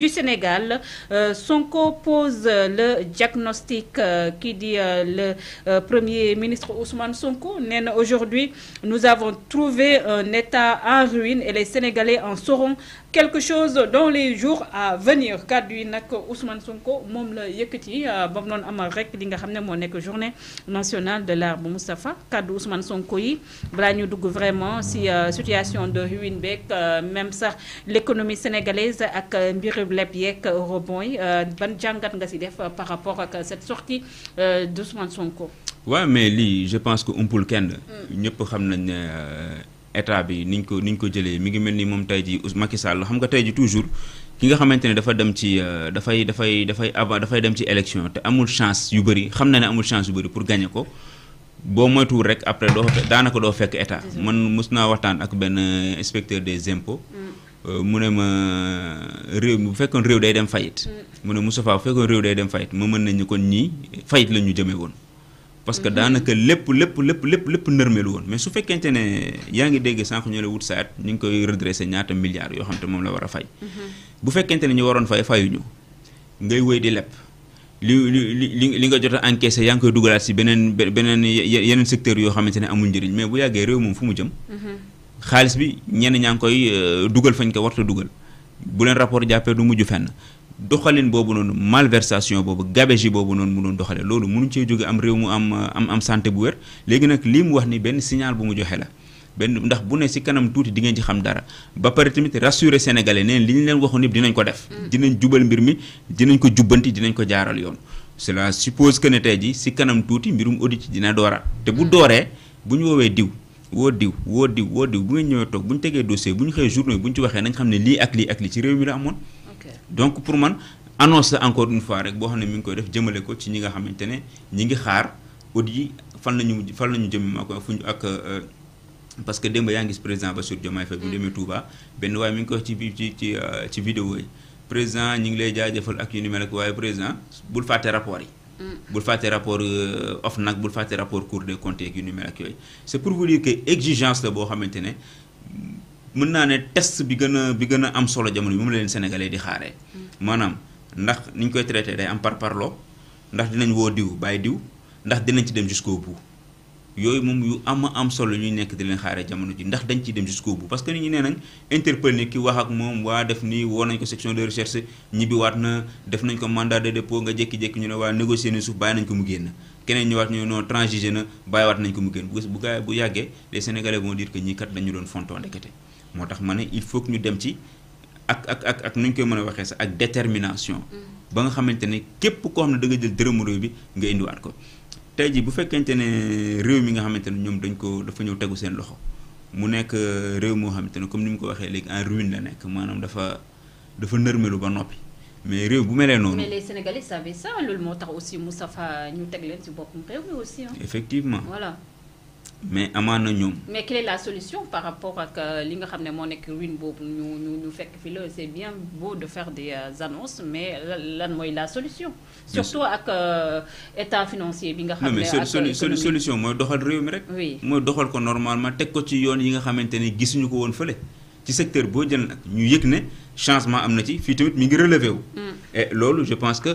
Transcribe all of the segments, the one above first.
du Sénégal. Euh, Sonko pose le diagnostic euh, qui dit euh, le Premier ministre Ousmane Sonko. Aujourd'hui, nous avons trouvé un État en ruine et les Sénégalais en sauront quelque chose dans les jours à venir kàddu nak Ousmane Sonko mom la yekuti euh, bam mu doon amal rek li nga xamné mo nek journée nationale de l'arbre Moustapha kàddu Ousmane Sonko yi balaa ñu dugg vraiment si euh, situation de ruine euh, même sax l'économie sénégalaise ak mbirub leb yeeg rebond yi ban jangat nga si def par rapport ak cette sortie d'Ousmane Sonko. Ouais, mais li je pense que umpul kenn. Mm. ñëpp xam nañ ne. état bi niñ ko niñ ko jëlee mi ngi mel ni moom tey ji Macky Sall xam nga tey ji toujours ki nga xamante ne dafa dem ci euh, dafay dafay dafay avant dafay dem ci élection te amul chance yu bëri xam na ne amul chance yu bëri pour gagner ko boo moytuwul rek après doo daanaka doo fekk état man mës naa waxtaan ak benn euh, inspecteur des impôts mm. euh, mu ne ma réew bu fekkoon réew day dem fayit mm. mu ne Moustapha bu fekkoon réew day dem fayit ma mën nañu kon nii fayit la ñu jëmee woon parce que mhm. daanaka lépp lépp lépp lépp lépp nërmeelu woon mais su fekkente ne yaa ngi dégg sànq ñoo la wut saat ñu koy redressé ñaata milliards yoo xam te moom la war a fay mhm. bu fekkente ne ñu waroon fay fayuñu ngay wéy di lepp li li li nga jot a encaissé yaa ngi koy dugalaat si beneen beneen yeneen secteur yoo xamante ne amul njëriñ mais bu yàggee réew moom fu mu jëm mhm. xaalis bi ñenn ñaa ngi koy euh, dugal fañ ko warta dugal bu leen rapport jàppee du mujj fenn doxalin boobu noonu malversation boobu gabegie boobu noonu mu doon doxalee loolu mënuñ cee jóge am réew mu am am am santé bu wér léegi nag lii mu wax ni benn signal bu mu joxe la benn ndax bu ne si kanam tuuti di ngeen ci xam dara ba pare tamit rassurer sénégalais neen li ñu leen waxoon yëpp dinañ ko def. Mm. dinañ jubal mbir mi dinañ ko jubbanti dinañ ko jaaral yoon. cela suppose que ne tey jii si kanam tuuti mbirum audit dina dooraat te bu mm. dooree bu ñu woowee diw. woo diw woo diw woo diw bu ngeen ñëwee toog bu ñu tegee dossier bu ñu xëyee journée bu ñu ci waxee nañ xam ne lii ak lii ak lii ci réew mi amoon. donc pour man annonce encore une fois rek bo xamné mi ngi koy def jëmele ko ci ñi nga xamante ñi ngi xaar audit fan lañu fan lañu ñu jëm ma ko ak euh, parce que demba yaa ngi président Bassir Diomaye Faye bu mm. demee Touba ben way mi ngi ko ci ci ci euh, ci vidéo yi président ñu ngi lay jaajëfal ak yu ni mel ak way président bul fàtte rapport yi mm. bul fàtte rapport euh, OFNAC bul fàtte rapport Cour des comptes ak yu ni mel ak yoy c'est pour vous dire que exigence la bo xamantene mën naa ne test bi gën a bi gën a am solo jamono bi moom la leen sénégalais di xaaree. Mm. maanaam ndax ni ñu koy traité day am par parloo ndax dinañ woo diw bàyyi diw ndax dinañ ci dem jusqu'au bout yooyu moom yu am am solo ñuy nekk di leen xaaree jamono ji ndax dañ ciy dem jusqu'au bout parce que nit ñi nee nañ interpellé ki wax ak moom waa def nii woo nañ ko section de recherche ñibbiwaat na def nañ ko mandat de dépôt nga jékki-jékki ñu ne waa négocier ni suuf bàyyi nañ ko mu génn keneen ñëwaat ñu na bàyyiwaat doon fonton ndekete motax mané il faut que ñu dem ci ak ak ak ak nu ñu koy mën a waxee ak détermination. Mm-hmm. ba nga xamante képp ko xamné da nga jël dërëmu réew bi nga indi wat ko. tay ji bu fekkente ne réew mi nga xamante ñom dañ ko dafa ñëw téggu seen loxo mu nekk euh, réew mo xamante comme nim ko waxé légui en ruine la nekk manam dafa dafa nërmelu ba nopi mais réew bu melee non mais les Sénégalais savaient ça lool motax aussi Moustapha ñu tégg leen ci boppam réew mi aussi. hein effectivement voilà mais amaana ñoom. mais quelle est la solution par rapport ak li nga xam ne moo nekk ruine boobu ñu ñu ñu fekk fi la c'est bien beau de faire des euh, annonces mais lan mooy la solution. surtout ak euh, état financier bi nga. xam ne ak non mais solution mooy doxal réew mi rek. oui mooy doxal ko normalement teg ko ci yoon yi nga xamante ni gisuñu ko woon fële. ci secteur boo jël nag ñu yëg ne changement am na ci fii tamit mi ngi relevé wu. Mm. et loolu je pense que.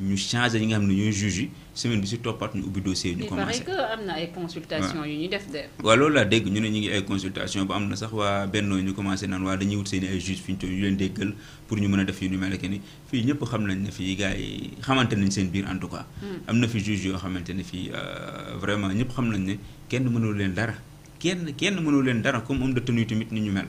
ñu changer ñi nga xam ne ñooy semaine bi si toppaat ñu ubbi dossier yi ñu commencé que amna ay consultation yu ñu def de wa loolu la dégg ñu ne ñi ngi ay consultation ba amna sax wa benno ñu commencer nan wa dañuy wut seen ay juge fiñ toy yu ñu leen déggal pour ñu mëna def yu ñu mel ni fi ñëpp xam nañ ne fi gaay yi xamante nañ seen biir en tout cas hmm. amna fi juge yo xamante ne fii euh, vraiment ñëpp xam nañ ne kenn mënul leen dara kenn kenn mënul leen dara comme homme de tenue tamit ni ñu mel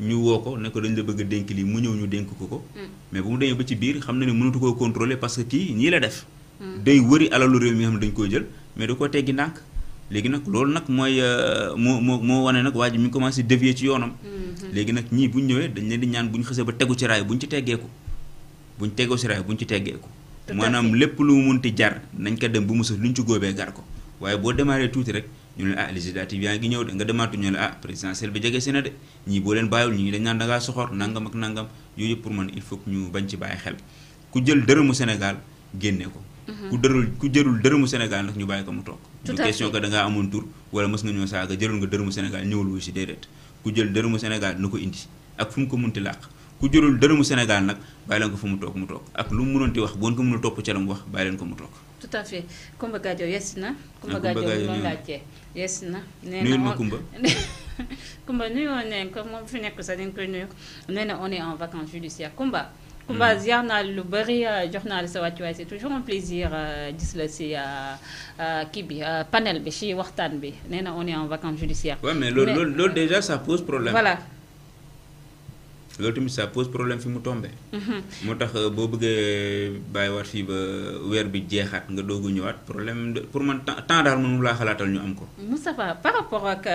ñu woo ko ne ko dañ la bëgg dénk lii mu ñëw ñu dénk ko ko. Hmm. mais bu mu demee ba ci biir xam na ne mënatu koo contrôler parce que kii ñii la def. Hmm. day wëri alalu réew mi nga xam dañ koo jël mais da koo teggi ndànk. léegi nag loolu nag mooy euh, moo moo moo wane nag waa ji mi ngi commencé dévier ci yoonam. Hmm. léegi nag ñii bu ñu ñëwee dañ leen di ñaan bu ñu xasee ba tegu ci raay bu ñu ci teggeeku bu ñu teggoo ci raay bu ñu ci teggeeku. maanaam lépp lu mu munti jar nañ ko dem bu mu sës lu ñu ci góobee gar ko waaye boo démarré tuuti rek ñu ne la ah législative yaa ngi ñëw de nga demaatu ñu ne la ah présidentielle bi jege si na de ñii boo leen bàyyiwul ñu dañ naan da nangam ak nangam yooyu yëpp pour man il faut ñu bañ ci bàyyi xel ku jël dërëmu Sénégal génne ko. Mhm. ku dërul ku jërul dërëmu Sénégal nag ñu bàyyi ko mu toog. du question da ngaa amoon tur wala mës nga ñoo saaga jëlul nga dërëmu Sénégal ñëwul wu si déedéet ku jël dërëmu Sénégal na ko indi ak fu mu ko munti làq ku jërul dërëmu Sénégal nag bàyyi leen ko fu mu toog mu toog ak lu mu mënoon ti wax bu ko mën a topp ca la mu wax bàyyi leen ko mu toog tout à fait Kumba Gadio yesina Kumba Gadio loolu laajtee yesina nee na Kumba Kumba nuyoo ne comme moom fi nekk sax dañ koy nuyu nee on est en vacances judiciaires Kumba Kumba mm. ziar naa lu bëri euh, jox naa la sa c'est toujours un plaisir euh, gis la si euh, kii panel bi si waxtaan bi nee on est en vacances judiciaires. mais mais le déjà ça pose problème. voilà ça pose problème fi mu tombé. Mhm. moo tax euh, boo bëggee bàyyiwaat fii ba weer bi jeexaat nga doog a problème de pour moi temps d'armes mënu laa xalaatal ñu am ko. par rapport à ak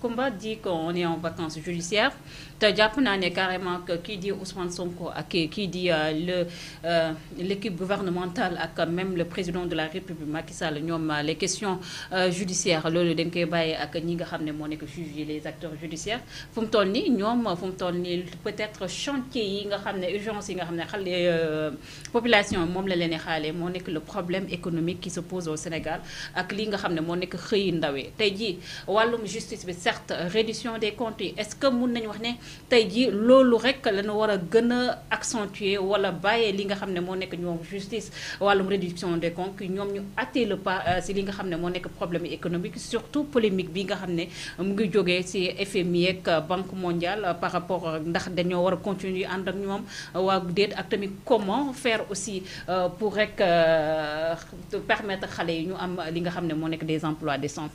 combat euh, dit qu'on est en vacances judiciaires ta jàpp naa ne carrément que qui dit Ousmane Sonko ak qui dit euh, le l'équipe gouvernementale ak même le président de la République Macky Sall les questions judiciaires le dañ et bàyyi ak ñi nga les acteurs judiciaires nous mu peut-être chantier yi nga xamné urgence yi nga xamné xalé euh, population mom la leen xalé mo nek le problème économique qui se pose au Sénégal ak li nga xamné mo nek xey xëy ndawee tey walum justice bi certes réduction des comptes est-ce que mun nañu wax né tey jii loolu rek la ñu war accentuer wala bayé li nga xamné mo nek ñom justice walum réduction des comptes ñom ñu atte le pas ci euh, li nga xamné mo nek problème économique surtout polémique bi nga xamné mu ngi joggé ci FMI ak Banque mondiale par rapport euh, ndax dañoo war a continuer ànd ak ñoom euh, waa déet ak tamit comment faire aussi euh, pour rek permettre xale yi ñu am li nga xam ne moo nekk des emplois décents.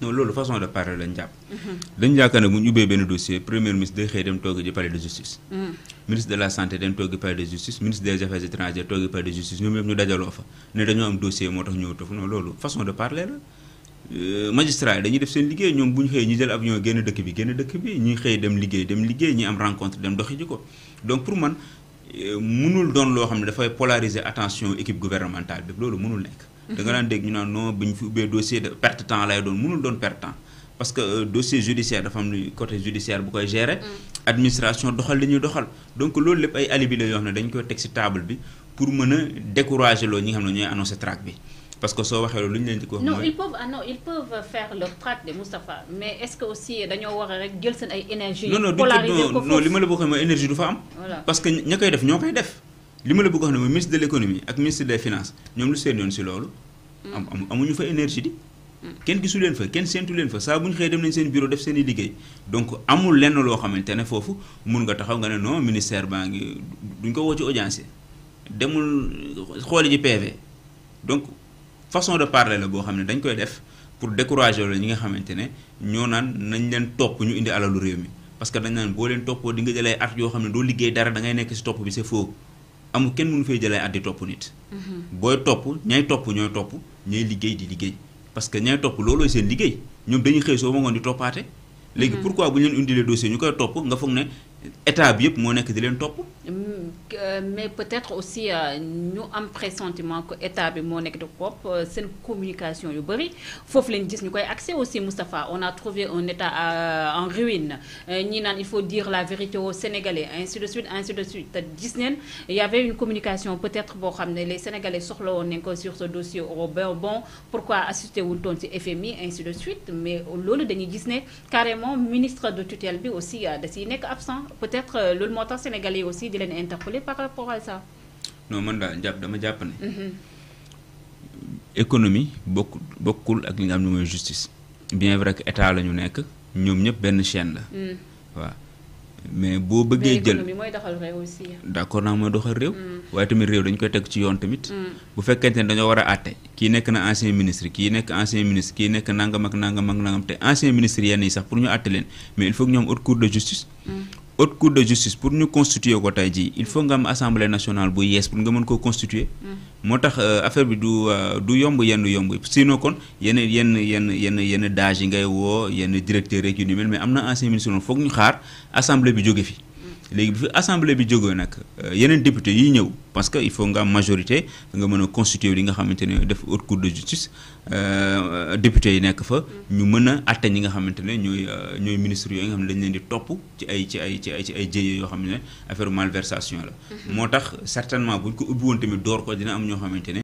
non loolu façon de parler lañ jàpp. Mhm. dañ yaakaar ne bu ñu ubbee benn dossier premier ministre day xëy dem toogi ji palais de justice. Mhm. ministre de la santé dem toogi palais de justice ministre des affaires étrangères toogi palais de justice ñoom ñëpp ñu dajaloo fa ne dañoo am dossier moo tax ñëwatu fa non loolu façon de parler la. Euh, magistrats yi dañuy def seen liggéey ñoom bu ñu xëyee ñu jël avion génn dëkk bi génn dëkk bi ñuy xëy dem liggéey dem liggéey ñi am rencontre dem doxi ji ko donc pour man euh, mënul doon loo xam ne dafay polariser attention équipe gouvernementale bi loolu mënul nekk. da nga mhm. daan dégg ñu naan non bi ñu fi ubbee dossier de perte temps lay doon mënul doon perte temps parce que euh, dossier judiciaire dafa am lu côté judiciaire bu koy gérer. Mm. administration doxal li ñuy doxal. donc loolu lépp ay alibi la yoo xam ne dañ koy teg si table bi pour mën a décourager loo ñi nga xam ne ñooy annoncé track bi. Parce que ça, Non, ils peuvent, ah non, ils peuvent faire leur traque de Mustafa, Mais est-ce que aussi, d'ailleurs, énergie Non, non, non, non, non, énergie de femme. Parce que nous avons fait, def, avons fait. Li ma la bëgg wax ministre de l'économie ak ministre des finances ñoom lu seen yoon si loolu. Hmm. am amuñu fa énergie di. Hmm. Ken gisu leen fa ken séentu leen fa sa buñ ñu dem nañ seen bureau def seen liguey donc amul lenn lo xamante fofu. mën nga taxaw nga ne non ministère baa ngi duñ ko wo ci audience demul xooli ji PV donc façon de parler la boo xam ne dañ koy def pour décourager la ñi nga xamante ne ñoo naan nañ leen topp ñu indi alalu réew mi parce que dañ naan boo leen toppoo di nga jëlee at yoo xam ne doo liggéey dara da ngay nekk si topp bi c'est faux amu kenn mënu fay jëlee at di topp nit. Mm-hmm. booy topp ñay topp ñooy topp ñay liggéey di liggéey parce que ñay topp looloy seen liggéey ñoom dañuy xëy soo ma ngoon di toppaate. léegi mm-hmm. pourquoi bu ñu leen indilee dossier ñu koy topp nga foog ne état bi yëpp moo nekk di leen topp. Euh, mais peut-être aussi nous euh, un pressentiment que état bi moo c'est de euh, communication yu faut foofu lañ Disney accès aussi Moustapha on a trouvé un état en ruine il faut dire la vérité aux Sénégalais ainsi de suite ainsi de suite Disney il y avait une communication peut-être pour ramener les Sénégalais sur ce dossier Robert Bon pourquoi assister au ton FMI ainsi de suite mais au Denis Disney carrément ministre de tutelle aussi il n'est absent peut-être le montant Sénégalais aussi di leen interpellé par rapport à ça. non man daal jàpp dama jàpp ne. Mhm. économie bokk bokkul ak li nga xam ne mooy justice. bien vrai que état la ñu nekk ñoom ñëpp benn chaîne la. Mhm. waaw mais boo bëggee jël mais mooy doxal réew aussi. d' accord naa mooy doxal réew. Mhm. waaye tamit réew dañ koy teg ci yoon tamit. bu fekkente ne dañoo war a àtte kii nekk na ancien ministre kii nekk ancien ministre kii nekk nangam ak nangam ak nangam te ancien ministre yenn yi sax pour ñu àtte leen mais il faut que ñoom haute cour de justice. haute cour de justice pour ñu constituer ko tey jii il faut nga am assemblée nationale bu yees pour nga mën ko constituer mm. moo tax euh, affaire bi du euh, du yomb yenn yomb si sinon kon yenn yenn yenn yenn yenn daaj yi ngay woo yenn directeur rek yu ni mel mais am na ancien ministre foog ñu xaar assemblée bi jóge fi léegi bu fi assemblée bi jógee nag euh, yeneen député yi ñëw parce que il faut nga am majorité nga mën a constituer li nga xamante ne def haute cour de justice euh, euh, député yi nekk fa ñu mën a atte ñi nga xamante ne ñooy ñooy ministre yooyu nga xam ne dañu leen di topp ci ay ci ay ci ay ci ay jëye yoo xam ne affaire malversation la mhm. moo tax certainement buñ ko ubbi woon tamit door ko dina am ñoo xamante ne